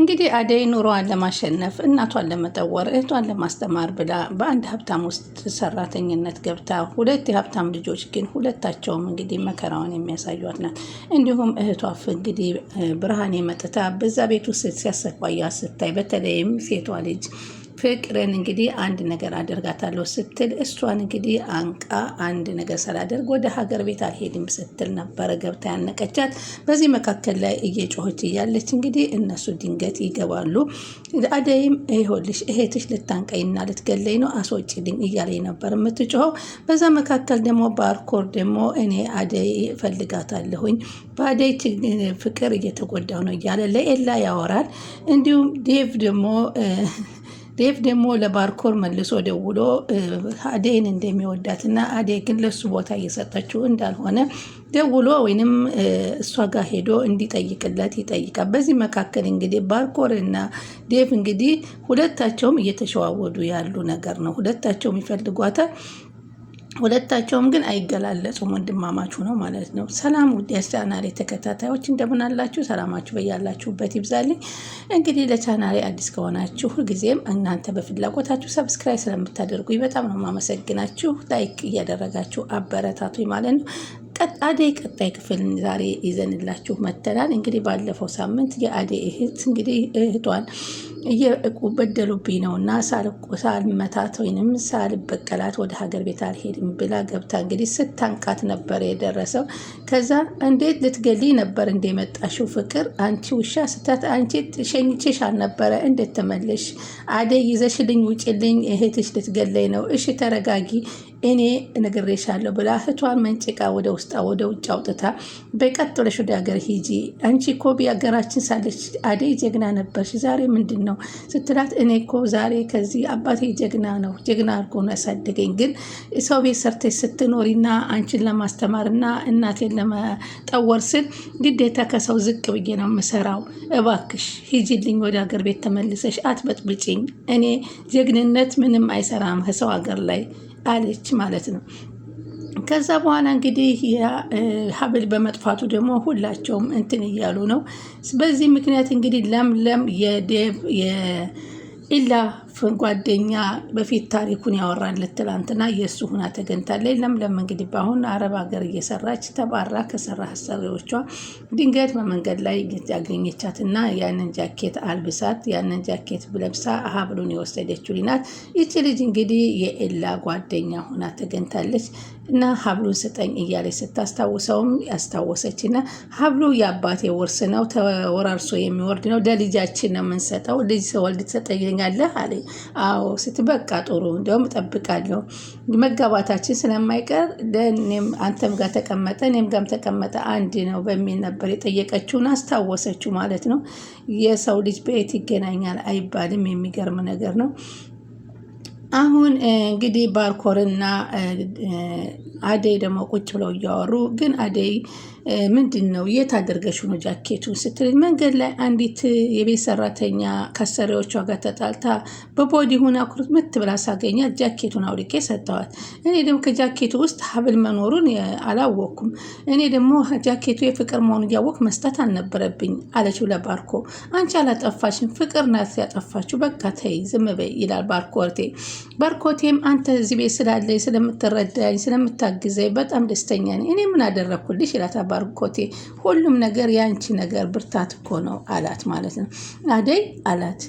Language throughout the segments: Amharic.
እንግዲህ አደይ ኑሮዋን ለማሸነፍ እናቷን ለመጠወር እህቷን ለማስተማር ብላ በአንድ ሀብታም ውስጥ ሰራተኝነት ገብታ ሁለት የሀብታም ልጆች ግን ሁለታቸውም እንግዲህ መከራውን የሚያሳዩት ናት። እንዲሁም እህቷ እንግዲህ ብርሃኔ መጥታ በዛ ቤት ውስጥ ሲያሰቃያ ስታይ በተለይም ሴቷ ልጅ ፍቅርን እንግዲህ አንድ ነገር አደርጋታለሁ ስትል እሷን እንግዲህ አንቃ አንድ ነገር ሳላደርግ ወደ ሀገር ቤት አልሄድም ስትል ነበረ ገብታ ያነቀቻት። በዚህ መካከል ላይ እየጮኸች እያለች እንግዲህ እነሱ ድንገት ይገባሉ። አደይም ይኸውልሽ እህትሽ ልታንቀይና ልትገለኝ ነው አስወጪልኝ እያለኝ ነበር የምትጮኸው። በዛ መካከል ደግሞ ባርኮር ደግሞ እኔ አደይ እፈልጋታለሁኝ በአደይ ፍቅር እየተጎዳው ነው እያለ ለኤላ ያወራል። እንዲሁም ዴቭ ደግሞ ዴቭ ደግሞ ለባርኮር መልሶ ደውሎ እንደሚወዳት እንደሚወዳትና አዴ ግን ለሱ ቦታ እየሰጠችው እንዳልሆነ ደውሎ ወይንም እሷ ጋር ሄዶ እንዲጠይቅለት ይጠይቃል። በዚህ መካከል እንግዲህ ባርኮር እና ዴቭ እንግዲህ ሁለታቸውም እየተሸዋወዱ ያሉ ነገር ነው። ሁለታቸውም ይፈልጓታል። ሁለታቸውም ግን አይገላለጹም። ወንድማማችሁ ነው ማለት ነው። ሰላም ውድ የቻናሌ ተከታታዮች እንደምን አላችሁ? ሰላማችሁ በያላችሁበት ይብዛልኝ። እንግዲህ ለቻናሌ አዲስ ከሆናችሁ ሁልጊዜም እናንተ በፍላጎታችሁ ሰብስክራይብ ስለምታደርጉኝ በጣም ነው የማመሰግናችሁ። ላይክ እያደረጋችሁ አበረታቱኝ ማለት ነው። አደይ ቀጣይ ክፍል ዛሬ ይዘንላችሁ መተናል። እንግዲህ ባለፈው ሳምንት የአደይ እህት እንግዲህ እህቷን እየቁ በደሉብኝ ነው እና ሳልመታት ወይንም ሳልበቀላት ወደ ሀገር ቤት አልሄድም ብላ ገብታ እንግዲህ ስታንቃት ነበር የደረሰው። ከዛ እንዴት ልትገሊ ነበር እንደመጣሽው ፍቅር አንቺ ውሻ ስታት አንቺ ሸኝቼሽ አልነበረ እንዴት ተመለሽ? አደይ ይዘሽልኝ ውጭልኝ፣ እህትሽ ልትገለኝ ነው። እሺ ተረጋጊ እኔ ነግሬሻለሁ ብላ እህቷን መንጭቃ ወደ ውስጣ ወደ ውጭ አውጥታ በቀጥ ብለሽ ወደ ሀገር ሂጂ። አንቺ እኮ ቢሀገራችን ሳለች አደይ ጀግና ነበርሽ፣ ዛሬ ምንድን ነው ስትላት፣ እኔ እኮ ዛሬ ከዚህ አባቴ ጀግና ነው፣ ጀግና አድርጎ ነው ያሳደገኝ። ግን ሰው ቤት ሰርተሽ ስትኖሪና አንቺን ለማስተማርና እናቴን ለመጠወር ስል ግዴታ ከሰው ዝቅ ብዬ ነው የምሰራው። እባክሽ ሂጂልኝ ወደ ሀገር ቤት ተመልሰሽ አትበጥብጭኝ። እኔ ጀግንነት ምንም አይሰራም ከሰው ሀገር ላይ አለች ማለት ነው። ከዛ በኋላ እንግዲህ ሀብል በመጥፋቱ ደግሞ ሁላቸውም እንትን እያሉ ነው። በዚህ ምክንያት እንግዲህ ለምለም የዴቭ የኢላ ጓደኛ በፊት ታሪኩን ያወራለት ትላንትና የእሱ ሁና ተገኝታለች። ለምለም እንግዲህ በአሁን አረብ ሀገር እየሰራች ተባራ ከሰራ አሰሪዎቿ ድንገት በመንገድ ላይ ያገኘቻት ያገኘቻትና ያንን ጃኬት አልብሳት ያንን ጃኬት ብለብሳ አሀ ብሉን የወሰደችው ሊናት ይቺ ልጅ እንግዲህ የኤላ ጓደኛ ሁና ተገኝታለች እና ሀብሉን ስጠኝ እያለች ስታስታውሰውም ያስታወሰች ያስታወሰችና ሀብሉ የአባቴ ውርስ ነው፣ ተወራርሶ የሚወርድ ነው፣ ለልጃችን ነው የምንሰጠው። ልጅ ወልድ ትሰጠኛለህ አለኝ። አዎ ስትበቃ ጥሩ እንደውም እጠብቃለሁ መጋባታችን ስለማይቀር እኔም አንተም ጋር ተቀመጠ እኔም ጋም ተቀመጠ አንድ ነው በሚል ነበር የጠየቀችውን አስታወሰችው ማለት ነው። የሰው ልጅ በየት ይገናኛል አይባልም የሚገርም ነገር ነው። አሁን እንግዲህ ባርኮርና አደይ ደግሞ ቁጭ ብለው እያወሩ ግን አደይ ምንድን ነው የት አድርገሽ ነው ጃኬቱን ስትልኝ፣ መንገድ ላይ አንዲት የቤት ሰራተኛ ከሰሪዎቿ ጋር ተጣልታ በቦዲ ሁና ምት ብላ ሳገኛት ጃኬቱን አውልቄ ሰጥተዋት። እኔ ደግሞ ከጃኬቱ ውስጥ ሀብል መኖሩን አላወቅኩም። እኔ ደግሞ ጃኬቱ የፍቅር መሆኑን እያወቅ መስጠት አልነበረብኝ አለችው ለባርኮ። አንቺ አላጠፋሽም፣ ፍቅር ናት ያጠፋችሁ። በቃ ተይ ዝም በይ ይላል ባርኮቴ። ባርኮቴም አንተ እዚህ ቤት ስላለኝ ስለምትረዳኝ ስለምታግዘኝ በጣም ደስተኛ ነኝ። እኔ ምን አደረግኩልሽ ይላታ ባርኮቴ ሁሉም ነገር የአንቺ ነገር ብርታት እኮ ነው አላት ማለት ነው። አደይ አላት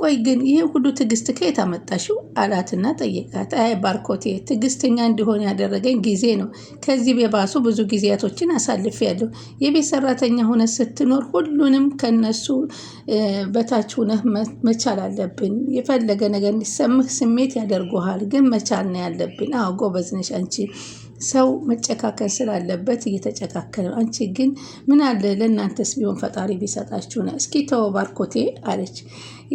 ቆይ ግን ይህ ሁሉ ትዕግስት ከየት አመጣሽው? አላትና ጠየቃት። አይ ባርኮቴ ትዕግስተኛ እንዲሆን ያደረገኝ ጊዜ ነው። ከዚህ በባሱ ብዙ ጊዜያቶችን አሳልፌያለሁ። የቤት ሰራተኛ ሆነ ስትኖር ሁሉንም ከነሱ በታች ሁነህ መቻል አለብን። የፈለገ ነገር እንዲሰምህ ስሜት ያደርጉሃል፣ ግን መቻል ነው ያለብን። አዎ ጎበዝ ነሽ አንቺ ሰው መጨካከል ስላለበት እየተጨካከለ አንቺ ግን ምን አለ ለእናንተስ ቢሆን ፈጣሪ ቢሰጣችሁ ነው። እስኪ ተወው ባርኮቴ አለች።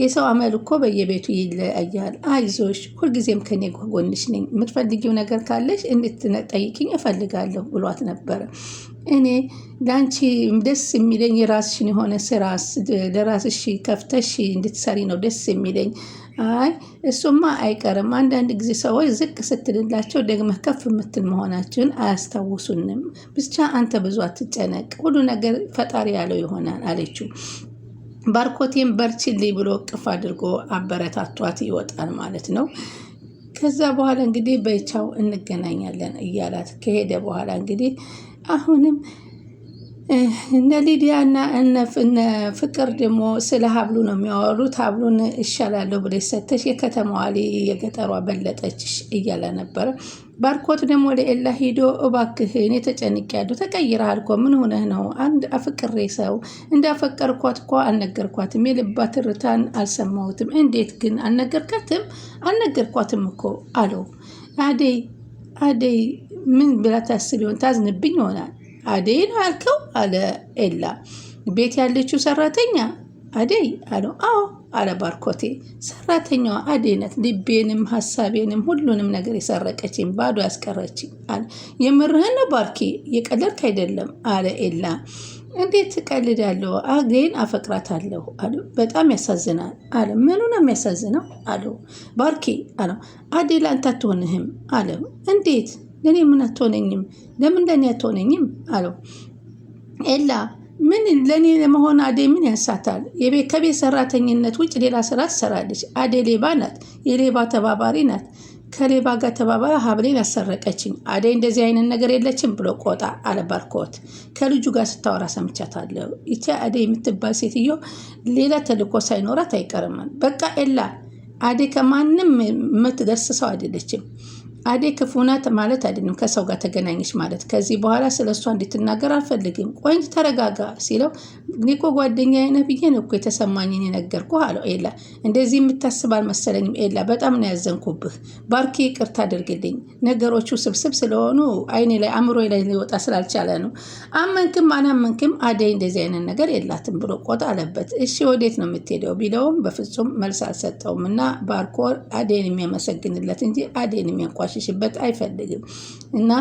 የሰው አመል እኮ በየቤቱ ይለያያል። አይዞሽ፣ ሁልጊዜም ከኔ ጎንሽ ነኝ። የምትፈልጊው ነገር ካለሽ እንድትጠይቅኝ እፈልጋለሁ ብሏት ነበረ። እኔ ለአንቺ ደስ የሚለኝ የራስሽን የሆነ ስራ ለራስሽ ከፍተሽ እንድትሰሪ ነው ደስ የሚለኝ። አይ እሱማ አይቀርም። አንዳንድ ጊዜ ሰዎች ዝቅ ስትልላቸው ደግመህ ከፍ የምትል መሆናችሁን አያስታውሱንም። ብቻ አንተ ብዙ አትጨነቅ፣ ሁሉ ነገር ፈጣሪ ያለው ይሆናል አለችው። ባርኮቴን በርችልኝ ብሎ ቅፍ አድርጎ አበረታቷት ይወጣል ማለት ነው። ከዛ በኋላ እንግዲህ በቻው እንገናኛለን እያላት ከሄደ በኋላ እንግዲህ አሁንም እነ ሊዲያ እና እነ ፍቅር ደግሞ ስለ ሀብሉ ነው የሚያወሩት። ሀብሉን እሻላለሁ ብለሽ ሰተሽ የከተማዋ የገጠሯ በለጠችሽ እያለ ነበረ። ባርኮት ደግሞ ለኤላ ሂዶ እባክህ እኔ ተጨንቄያለሁ፣ ተቀይረሃል እኮ ምን ሆነህ ነው? አንድ አፍቅሬ ሰው እንዳፈቀርኳት እኮ አልነገርኳትም፣ የልባ ትርታን አልሰማሁትም። እንዴት ግን አልነገርካትም? አልነገርኳትም እኮ አለው አደይ አደይ ምን ብላ ታስብ ይሆን? ታዝንብኝ ይሆናል። አደይ ነው ያልከው አለ ኤላ። ቤት ያለችው ሰራተኛ አደይ አለው። አዎ አለ ባርኮቴ። ሰራተኛዋ አደይ ናት፣ ልቤንም ሀሳቤንም ሁሉንም ነገር የሰረቀችኝ ባዶ ያስቀረችኝ አለ። የምርህን ነው ባርኪ፣ የቀለድክ አይደለም አለ ኤላ። እንዴት እቀልዳለሁ? አደይን አፈቅራታለሁ አለ። በጣም ያሳዝናል አለ። ምኑ ነው የሚያሳዝነው አለ ባርኪ አለ። አደይ ላንተ አትሆንህም እንዴት ለእኔ ምን አትሆነኝም? ለምን ለእኔ አትሆነኝም አለው። ኤላ ምን ለእኔ ለመሆን አዴ ምን ያንሳታል? ከቤት ሰራተኝነት ውጭ ሌላ ስራ ትሰራለች። አዴ ሌባ ናት፣ የሌባ ተባባሪ ናት። ከሌባ ጋር ተባባሪ ሀብሌን ያሰረቀችኝ አዴ እንደዚህ አይነት ነገር የለችም ብሎ ቆጣ አለ ባርኮት። ከልጁ ጋር ስታወራ ሰምቻታለሁ። ይቺ አዴ የምትባል ሴትዮ ሌላ ተልእኮ ሳይኖራት አይቀርም። በቃ ኤላ አዴ ከማንም ሰው አይደለችም። አዴ ክፉ ናት ማለት አይደለም፣ ከሰው ጋር ተገናኘች ማለት ከዚህ በኋላ ስለ እሷ እንድትናገር አልፈልግም። ቆንጅ ተረጋጋ ሲለው እኔ እኮ ጓደኛዬ ነህ ብዬ ነው እኮ የተሰማኝን የነገርኩህ አለው። ኤላ እንደዚህ የምታስብ አልመሰለኝም። ኤላ በጣም ነው ያዘንኩብህ። ባርኬ ይቅርታ አድርግልኝ፣ ነገሮቹ ስብስብ ስለሆኑ አይኔ ላይ አእምሮ ላይ ሊወጣ ስላልቻለ ነው። አመንክም አላመንክም አደይ እንደዚህ አይነት ነገር የላትም ብሎ ቆጣ አለበት። እሺ ወዴት ነው የምትሄደው ቢለውም በፍጹም መልስ አልሰጠውም እና ባርኮር አዴን የሚያመሰግንለት እንጂ አዴን የሚያንቋ እንድታንቋሽሽበት አይፈልግም እና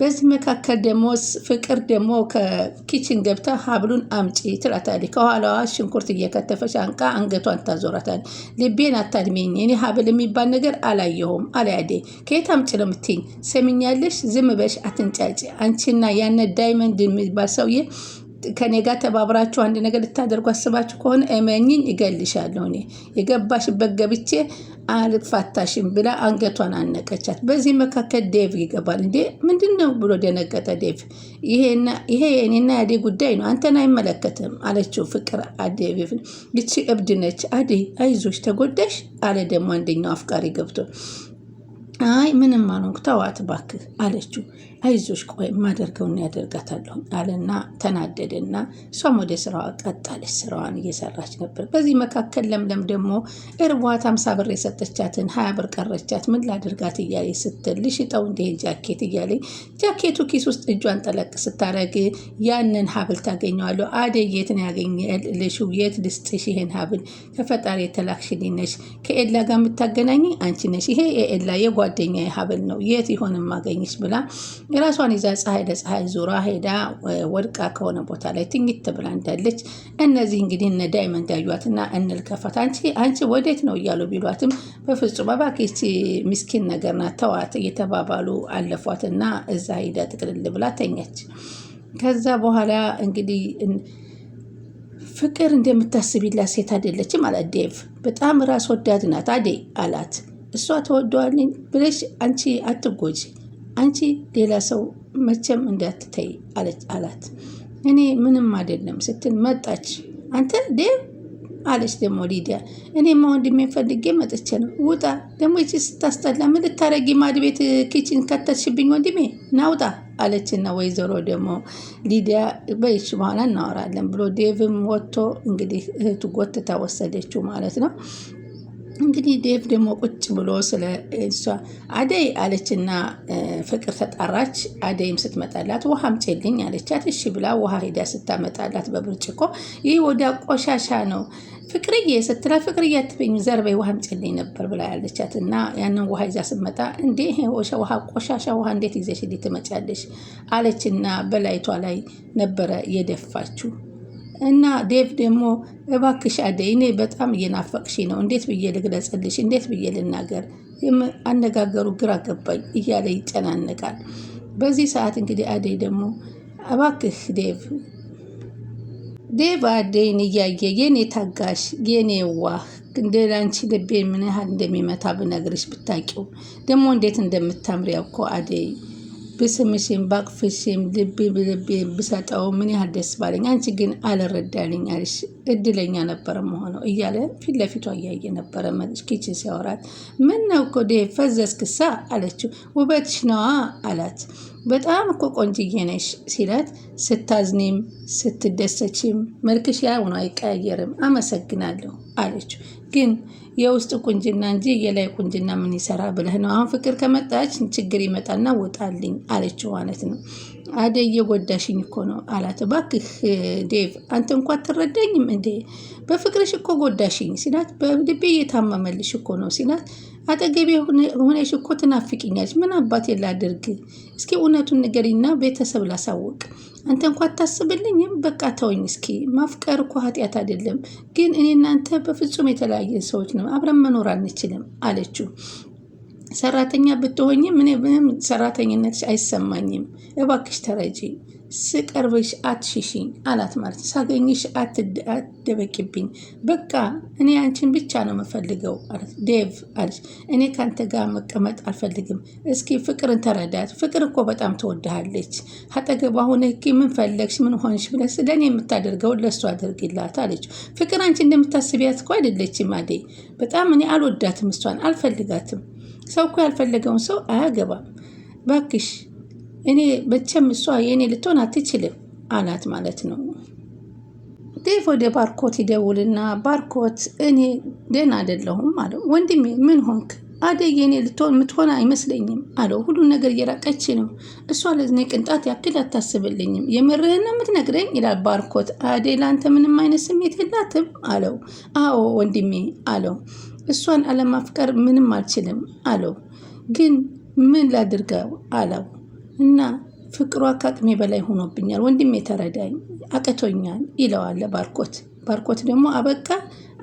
በዚህ መካከል ደግሞ ፍቅር ደግሞ ከኪችን ገብታ ሀብሉን አምጪ ትላታለች። ከኋላዋ ሽንኩርት እየከተፈች አንቃ አንገቷን ታዞራታል። ልቤን አታድሜኝ፣ እኔ ሀብል የሚባል ነገር አላየሁም። አልያዴ ከየት አምጪ ነው የምትይኝ? ሰሚኛለሽ? ዝም በሽ አትንጫጭ። አንቺና ያነ ዳይመንድ የሚባል ሰውዬ ከኔ ጋር ተባብራችሁ አንድ ነገር ልታደርጉ አስባችሁ ከሆነ እመኝኝ፣ እገልሻለሁ። እኔ የገባሽበት ገብቼ አልፋታሽም ብላ አንገቷን አነቀቻት። በዚህ መካከል ዴቭ ይገባል። እንዴ ምንድን ነው ብሎ ደነገጠ ዴቭ። ይሄ የኔና ያዴ ጉዳይ ነው፣ አንተን አይመለከትም አለችው ፍቅር አዴቭ። ይቺ እብድ ነች አዴ፣ አይዞች ተጎዳሽ አለ ደግሞ አንደኛው አፍቃሪ ገብቶ አይ ምንም አልሆንኩ ተዋት እባክህ አለችው። አይዞሽ ቆይ የማደርገውን ያደርጋታለሁ አለና ተናደደና እሷም ወደ ስራዋ ቀጣለች። ስራዋን እየሰራች ነበር። በዚህ መካከል ለምለም ደግሞ እርቧት አምሳ ብር የሰጠቻትን ሀያ ብር ቀረቻት። ምን ላድርጋት እያለ ስትል ልሽጠው እንዲህ ጃኬት እያለ ጃኬቱ ኪስ ውስጥ እጇን ጠለቅ ስታደርግ ያንን ሀብል ታገኘዋለሁ። አደይ የት ነው ያገኘልሽ? የት ልስጥሽ ይሄን ሀብል? ከፈጣሪ የተላክሽልኝ ነሽ። ከኤላ ጋር የምታገናኝ አንቺ ነሽ። ይሄ የኤላ የጓደኛ ሀብል ነው። የት ይሆን ማገኝሽ ብላ የራሷን ይዛ ፀሐይ ለፀሐይ ዙራ ሄዳ ወድቃ ከሆነ ቦታ ላይ ትንግት እንዳለች እነዚህ እንግዲህ እነ ዳይመንድ ያዩትና እንልከፋት አንቺ አንቺ ወዴት ነው እያሉ ቢሏትም በፍጹም እባክህ ምስኪን ነገር ናት ተዋት እየተባባሉ አለፏትና እዛ ሄዳ ጥቅልል ብላ ተኛች። ከዛ በኋላ እንግዲህ ፍቅር እንደምታስቢላት ሴት አይደለችም አላት ዴቭ። በጣም ራስ ወዳድ ናት አዴ አላት። እሷ ተወደዋልኝ ብለሽ አንቺ አትጎጂ አንቺ ሌላ ሰው መቼም እንዳትተይ አለች አላት። እኔ ምንም አይደለም ስትል መጣች። አንተ ዴቭ አለች ደግሞ ሊዲያ። እኔማ ወንድሜን ፈልጌ መጥቼ ነው። ውጣ ደግሞ ይቺ ስታስጠላ ምን ልታረጊ ማድ ቤት ኪችን ከተትሽብኝ ወንድሜ ናውጣ አለችና ወይዘሮ ደግሞ ሊዲያ በይች በኋላ እናወራለን ብሎ ዴቭም ወጥቶ እንግዲህ እህቱ ጎትታ ወሰደችው ማለት ነው። እንግዲህ ዴቭ ደግሞ ቁጭ ብሎ ስለ እሷ አደይ አለችና ፍቅር ተጣራች። አደይም ስትመጣላት ውሃ አምጪልኝ አለቻት። እሺ ብላ ውሃ ሄዳ ስታመጣላት በብርጭቆ ይህ ወደ ቆሻሻ ነው ፍቅርዬ ስትላት ፍቅርዬ አትበኝ ዘርበይ ውሃ አምጪልኝ ነበር ብላ ያለቻት እና ያንን ውሃ ይዛ ስትመጣ እንዴ ውሃ ቆሻሻ ውሃ እንዴት ይዘሽ ትመጫለሽ አለችና በላይቷ ላይ ነበረ የደፋችው። እና ዴቭ ደግሞ እባክሽ አደይ እኔ በጣም እየናፈቅሽ ነው፣ እንዴት ብዬ ልግለጽልሽ፣ እንዴት ብዬ ልናገር፣ አነጋገሩ ግራ ገባኝ እያለ ይጨናነቃል። በዚህ ሰዓት እንግዲህ አደይ ደግሞ እባክህ ዴቭ ዴቭ አደይን እያየ የኔ ታጋሽ የኔ ዋህ እንደ ላንቺ ልቤ ምን ያህል እንደሚመታ ብነግርሽ ብታቂው ደግሞ እንዴት እንደምታምሪ እኮ አደይ ብስምሽን ባቅፍሽም ልቤ ብልቤ ብሰጠው ምን ያህል ደስ ባለኝ፣ አንቺ ግን አልረዳልኝ አልሽ፣ እድለኛ ነበረ መሆነው እያለ ፊት ለፊቷ እያየ ነበረ ኪችን ሲያወራት። ምን ነው እኮ ዴ ፈዘዝክሳ አለችው። ውበትሽ ነዋ አላት። በጣም እኮ ቆንጅዬ ነሽ ሲላት፣ ስታዝኒም ስትደሰችም መልክሽ ያው ነው አይቀያየርም። አመሰግናለሁ አለችው። ግን የውስጥ ቁንጅና እንጂ የላይ ቁንጅና ምን ይሰራ ብለህ ነው? አሁን ፍቅር ከመጣች ችግር ይመጣና ወጣልኝ አለችው ማለት ነው። አደይ እየጎዳሽኝ እኮ ነው አላት። እባክህ ዴቭ አንተ እንኳ አትረዳኝም እንዴ? በፍቅርሽ እኮ ጎዳሽኝ ሲላት፣ በልቤ እየታመመልሽ እኮ ነው ሲላት፣ አጠገቤ ሆነሽ እኮ ትናፍቅኛለች። ምን አባቴ ላድርግ? እስኪ እውነቱን ንገሪና ቤተሰብ ላሳውቅ አንተ እንኳ አታስብልኝም? በቃ ተወኝ እስኪ። ማፍቀር እኮ ኃጢአት አይደለም፣ ግን እኔ እናንተ በፍጹም የተለያየን ሰዎች ነው። አብረን መኖር አንችልም አለችው። ሰራተኛ ብትሆኝም እኔ ምንም ሰራተኝነት አይሰማኝም። እባክሽ ተረጂ ስቀርበሽ አትሽሽኝ አላት። ማለት ሳገኝሽ አትደበቂብኝ፣ በቃ እኔ አንቺን ብቻ ነው የምፈልገው ዴቭ አለች፣ እኔ ከአንተ ጋር መቀመጥ አልፈልግም። እስኪ ፍቅርን ተረዳት። ፍቅር እኮ በጣም ትወድሃለች። አጠገቧ ሁነ ምንፈለግሽ ምን ፈለግሽ፣ ምን ሆንሽ ብለሽ ለእኔ የምታደርገው ለሱ አድርግላት አለች። ፍቅር አንቺ እንደምታስቢያት እኮ አይደለችም አደይ። በጣም እኔ አልወዳትም፣ እሷን አልፈልጋትም። ሰው እኮ ያልፈለገውን ሰው አያገባም። ባክሽ እኔ እሷ የእኔ ልትሆን አትችልም አላት ማለት ነው። ዴቭ ወደ ባርኮት ይደውልና ባርኮት እኔ ደህና አይደለሁም አለው። ወንድሜ ምን ሆንክ? አደይ የእኔ ልትሆን የምትሆን አይመስለኝም አለው። ሁሉን ነገር እየራቀች ነው እሷ ለእኔ ቅንጣት ያክል አታስብልኝም። የምርህን ነው የምትነግረኝ? ይላል ባርኮት። አደይ ለአንተ ምንም አይነት ስሜት የላትም አለው። አዎ ወንድሜ አለው። እሷን አለማፍቀር ምንም አልችልም አለው። ግን ምን ላድርገው አለው እና ፍቅሯ ከአቅሜ በላይ ሆኖብኛል፣ ወንድሜ ተረዳኝ፣ አቅቶኛል ይለዋለ ባርኮት። ባርኮት ደግሞ አበቃ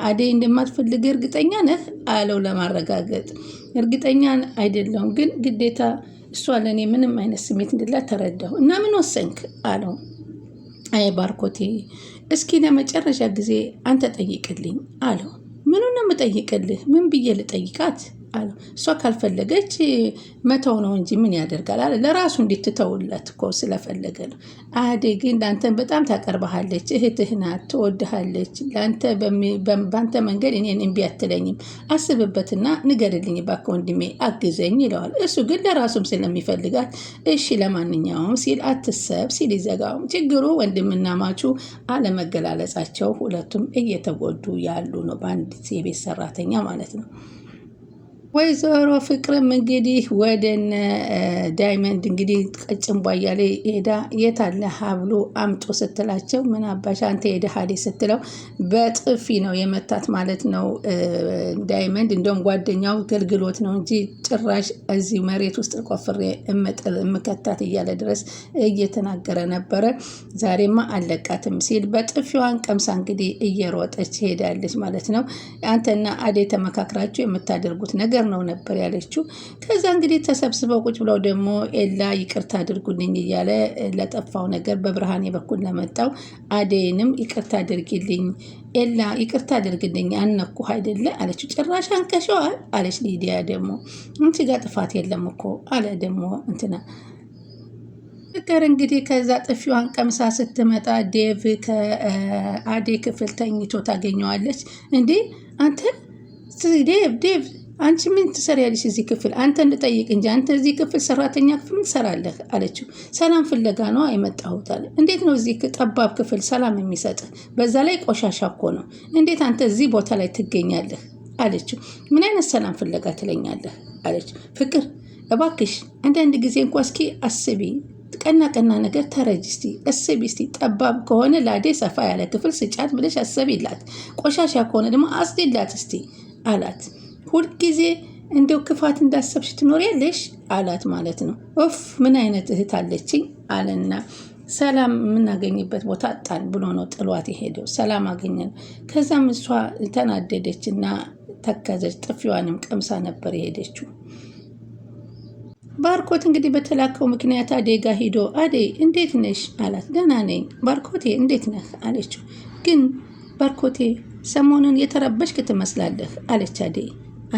አደይ እንደማትፈልግ እርግጠኛ ነህ አለው ለማረጋገጥ። እርግጠኛ አይደለሁም ግን ግዴታ እሷ ለእኔ ምንም አይነት ስሜት እንድላት ተረዳሁ እና ምን ወሰንክ አለው። አይ ባርኮቴ እስኪ ለመጨረሻ ጊዜ አንተ ጠይቅልኝ አለው። ምኑ ነው የምጠይቅልህ? ምን ብዬ ልጠይቃት? አለው። እሷ ካልፈለገች መተው ነው እንጂ ምን ያደርጋል አለ። ለራሱ እንዲትተውለት እኮ ስለፈለገ ነው። አዴ ግን ለአንተን በጣም ታቀርበሃለች፣ እህትህ ናት፣ ትወድሃለች። በአንተ መንገድ እኔን እምቢ አትለኝም። አስብበትና ንገርልኝ እባክህ ወንድሜ አግዘኝ ይለዋል። እሱ ግን ለራሱም ስለሚፈልጋት እሺ ለማንኛውም ሲል አትሰብ ሲል ይዘጋውም። ችግሩ ወንድምና ማቹ አለመገላለጻቸው ሁለቱም እየተጎዱ ያሉ ነው፣ በአንድ የቤት ሰራተኛ ማለት ነው። ወይዘሮ ፍቅርም እንግዲህ ወደነ ዳይመንድ እንግዲህ ቀጭን ቧያ ላይ ሄዳ የታለ ሀብሉ አምጦ ስትላቸው ምን አባሻ አንተ የደሃዴ ስትለው በጥፊ ነው የመታት ማለት ነው። ዳይመንድ እንደውም ጓደኛው ገልግሎት ነው እንጂ ጭራሽ እዚህ መሬት ውስጥ ቆፍሬ እምከታት እያለ ድረስ እየተናገረ ነበረ። ዛሬማ አለቃትም ሲል በጥፊዋን ቀምሳ እንግዲህ እየሮጠች ሄዳለች ማለት ነው። አንተና አዴ ተመካክራችሁ የምታደርጉት ነገር ፍቅር ነው ነበር ያለችው። ከዛ እንግዲህ ተሰብስበው ቁጭ ብለው ደግሞ ኤላ ይቅርታ አድርጉልኝ እያለ ለጠፋው ነገር በብርሃኔ በኩል ለመጣው አደይንም ይቅርታ አድርጊልኝ ኤላ ይቅርታ አድርግልኝ አነኩህ አይደለ አለችው። ጭራሽ አንቀሸዋል አለች ሊዲያ ደግሞ። አንቺ ጋር ጥፋት የለም እኮ አለ ደግሞ እንትና ፍቅር እንግዲህ ከዛ ጥፊዋን ቀምሳ ስትመጣ ዴቭ ከአዴ ክፍል ተኝቶ ታገኘዋለች። እንዴ አንተ ዴቭ ዴቭ አንቺ ምን ትሰሪያለሽ እዚህ ክፍል? አንተ እንድጠይቅ እንጂ አንተ እዚህ ክፍል ሰራተኛ ክፍል ትሰራለህ አለችው። ሰላም ፍለጋ ነው የመጣሁት አለ። እንዴት ነው እዚህ ጠባብ ክፍል ሰላም የሚሰጥ በዛ ላይ ቆሻሻ እኮ ነው። እንዴት አንተ እዚህ ቦታ ላይ ትገኛለህ? አለችው። ምን አይነት ሰላም ፍለጋ ትለኛለህ? አለች ፍቅር። እባክሽ አንዳንድ ጊዜ እንኳ እስኪ አስቢ ቀና ቀና ነገር ተረጅ እስቲ አስቢ እስቲ። ጠባብ ከሆነ ላዴ ሰፋ ያለ ክፍል ስጫት ብለሽ አሰቢላት። ቆሻሻ ከሆነ ደግሞ አስዲላት እስቲ አላት። ሁልጊዜ እንደው ክፋት እንዳሰብሽ ትኖሪያለሽ አላት ማለት ነው። ኦፍ ምን አይነት እህት አለችኝ አለና ሰላም የምናገኝበት ቦታ አጣን ብሎ ነው ጥሏት የሄደው። ሰላም ነው። ከዛም እሷ ተናደደች እና ተከዘች። ጥፊዋንም ቀምሳ ነበር የሄደችው። ባርኮት እንግዲህ በተላከው ምክንያት አዴጋ ጋ ሂዶ አዴ እንዴት ነሽ አላት። ደህና ነኝ ባርኮቴ፣ እንዴት ነህ አለችው። ግን ባርኮቴ ሰሞኑን የተረበሽክ ትመስላለህ አለች አዴ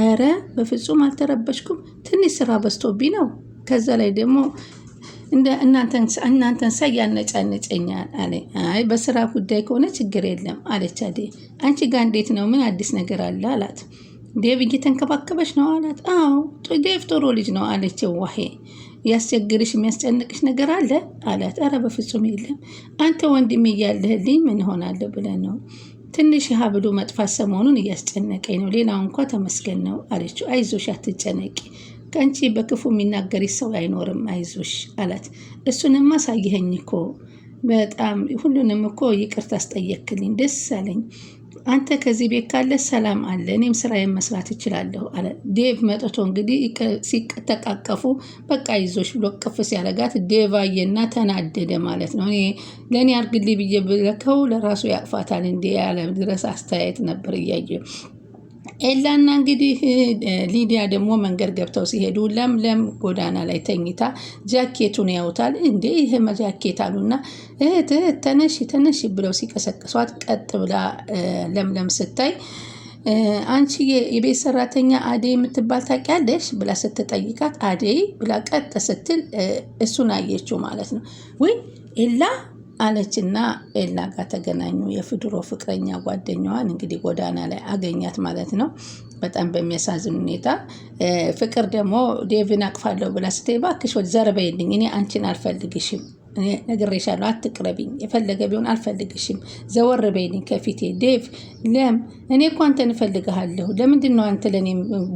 አረ በፍጹም አልተረበሽኩም። ትንሽ ስራ በዝቶብኝ ነው። ከዛ ላይ ደግሞ እናንተን ሳይ ያነጫነጨኛል አለ። አይ በስራ ጉዳይ ከሆነ ችግር የለም አለች አዴ። አንቺ ጋር እንዴት ነው? ምን አዲስ ነገር አለ አላት። ዴቭ እየተንከባከበች ነው አላት። አዎ ዴቭ ጥሩ ልጅ ነው አለች። ዋሄ ያስቸግርሽ የሚያስጨንቅሽ ነገር አለ አላት። አረ በፍጹም የለም። አንተ ወንድሜ እያለህልኝ ምን ሆናለሁ ብለን ነው ትንሽ የሀብሉ መጥፋት ሰሞኑን እያስጨነቀኝ ነው። ሌላው እንኳ ተመስገን ነው አለችው። አይዞሽ፣ አትጨነቂ ከአንቺ በክፉ የሚናገር ሰው አይኖርም፣ አይዞሽ አላት። እሱንማ ሳየኸኝ እኮ በጣም ሁሉንም እኮ ይቅርታ አስጠየክልኝ፣ ደስ አለኝ። አንተ ከዚህ ቤት ካለ ሰላም አለ፣ እኔም ስራዬን መስራት እችላለሁ አለ ዴቭ። መጥቶ እንግዲህ ሲተቃቀፉ በቃ ይዞች ብሎ ቅፍ ሲያረጋት አየና ተናደደ ማለት ነው። እኔ ለእኔ አርግልኝ ብዬ ብለከው ለራሱ ያቅፋታል እንዲ ያለ ድረስ አስተያየት ነበር እያየ ኤላና እንግዲህ ሊዲያ ደግሞ መንገድ ገብተው ሲሄዱ ለምለም ጎዳና ላይ ተኝታ ጃኬቱን ያውታል። እንዴ ይህ ጃኬት አሉና እህት እህት ተነሽ ተነሽ ብለው ሲቀሰቅሷት ቀጥ ብላ ለምለም ስታይ አንቺ የቤት ሰራተኛ አደይ የምትባል ታውቂያለሽ? ብላ ስትጠይቃት አደይ ብላ ቀጥ ስትል እሱን አየችው ማለት ነው። ወይ ኤላ አለችና ኤላ ጋር ተገናኙ። የድሮ ፍቅረኛ ጓደኛዋን እንግዲህ ጎዳና ላይ አገኛት ማለት ነው። በጣም በሚያሳዝን ሁኔታ ፍቅር ደግሞ ዴቪን አቅፋለሁ ብላ ስትይ እባክሽ ዘርበይልኝ፣ እኔ አንቺን አልፈልግሽም ነግሬሻለሁ፣ አትቅረቢኝ። የፈለገ ቢሆን አልፈልግሽም፣ ዘወር በይልኝ ከፊቴ። ዴቭ ለም እኔ እኮ አንተን እፈልግሃለሁ። ለምንድን ነው አንተ ለእኔ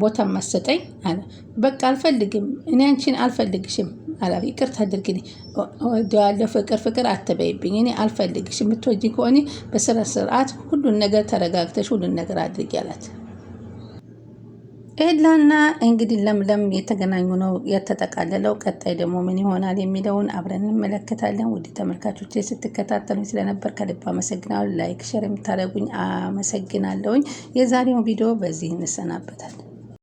ቦታ ማሰጠኝ? አለ። በቃ አልፈልግም፣ እኔ አንቺን አልፈልግሽም አላ ይቅርታ አድርግልኝ። ወደዋለሁ ፍቅር ፍቅር አትበይብኝ። እኔ አልፈልግሽ። የምትወጂኝ ከሆነ በስነ ስርዓት ሁሉን ነገር ተረጋግተሽ ሁሉን ነገር አድርጊ አላት። ኤላና እንግዲህ ለምለም የተገናኙ ነው የተጠቃለለው። ቀጣይ ደግሞ ምን ይሆናል የሚለውን አብረን እንመለከታለን። ውድ ተመልካቾች ስትከታተሉኝ ስለነበር ከልብ አመሰግናለሁ። ላይክ ሸር የምታደርጉኝ አመሰግናለሁኝ። የዛሬውን ቪዲዮ በዚህ እንሰናበታለን።